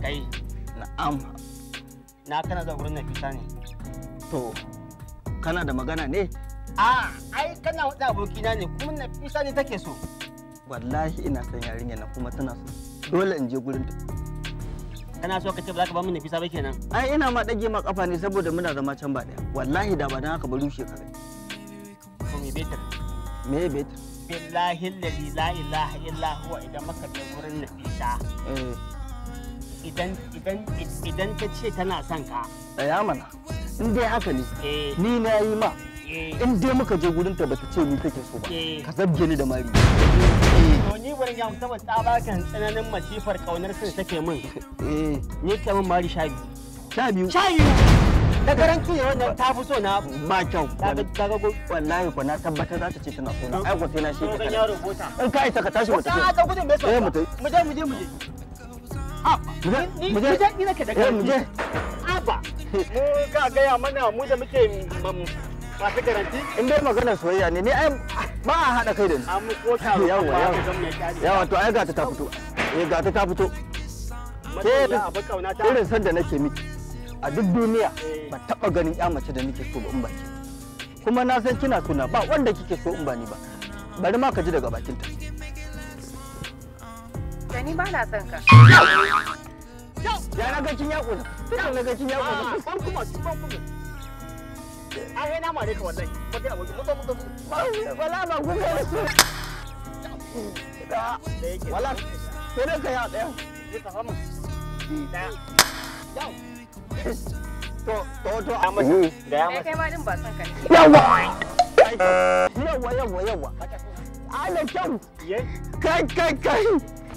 kai na'am na kana zuwa gurin nafisa ne to kana da magana ne a ai kana wada abokina ne kuma nafisa ne take so wallahi ina son yarinya na kuma tana so dole in je gurin kana so ka ce ba za ka ba mu nafisa ba kenan ai ina ma dage ma kafa ne saboda muna zama can ba daya wallahi da ba dan haka ba rushe ka kai to me betar me betar billahi la ilaha illa huwa idan maka bai gurin nafisa eh idan idan ta ce tana son ka tsaya mana in dai haka ne eh. ni na yi ma eh. in dai muka je gurin ta bata ce ni kake so ba eh. ka zabge ni da mari to ni wani ya mutum ta baka tsananin masifar kaunar sun take min eh ni kamar mari sha biyu sha biyu sha biyu da garanti ne wannan ta fi so na ba kyau kaga wallahi ko na tabbatar za ta ce tana so na ai ko sai na shi ka in ka ita ka tashi mu tafi ka gudun me so mu je mu je mu je Muje, muje, ka daga eh, muje. Aba, mu eh, ka gaya mana mu da muke um, masu garanti. In dai magana soyayya ne, ni ai ba a hada kai da ni. Amma ko taro yawa yawa. Yawa to ai gata ta fito. Eh gata ta fito. Ke irin sanda nake miki. A duk duniya eh. ba taba ganin ya mace da nake so ba in baki. Kuma na san kina suna ba wanda kike so in ba ni ba. Bari ma ka ji daga bakinta. kai ba na son ka. Ya na na Ban kuma ban kuma. Ai na ka wallahi. Ba dai mutum mutum. Wala da su. Wala. Sai dai ka ya ɗaya. Zai ka samu. Ɗaya. To to to a mashi. Mm. ya mashi. Kai ma din ba son ka ne. Yawwa. Yawwa yawwa yawwa. Ana kyau. Kai kai kai.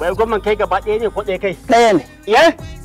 Wai gwamnan kai gaba ɗaya ne ko ɗaya kai? Ɗaya ne. Iya?